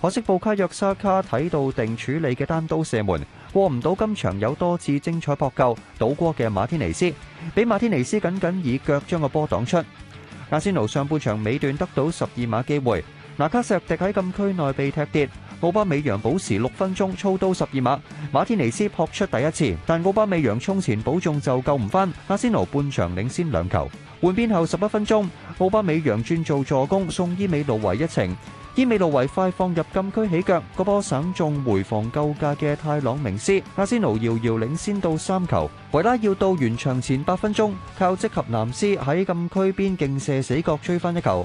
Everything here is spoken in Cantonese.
可惜布卡約沙卡睇到定處理嘅單刀射門，過唔到今場有多次精彩撲救，倒過嘅馬天尼斯，俾馬天尼斯僅僅以腳將個波擋出。阿仙奴上半場尾段得到十二碼機會，拿卡石迪喺禁區內被踢跌，奧巴美揚保持六分鐘操刀十二碼，馬天尼斯撲出第一次，但奧巴美揚衝前補中就救唔返，阿仙奴半場領先兩球。換邊後十一分鐘，奧巴美揚轉做助攻，送伊美魯維一程。以美路為快放入禁區起腳，個波省中回防救駕嘅泰朗明斯，阿仙奴遙遙領先到三球。維拉要到完場前八分鐘，靠即合南斯喺禁區邊勁射死角，追翻一球。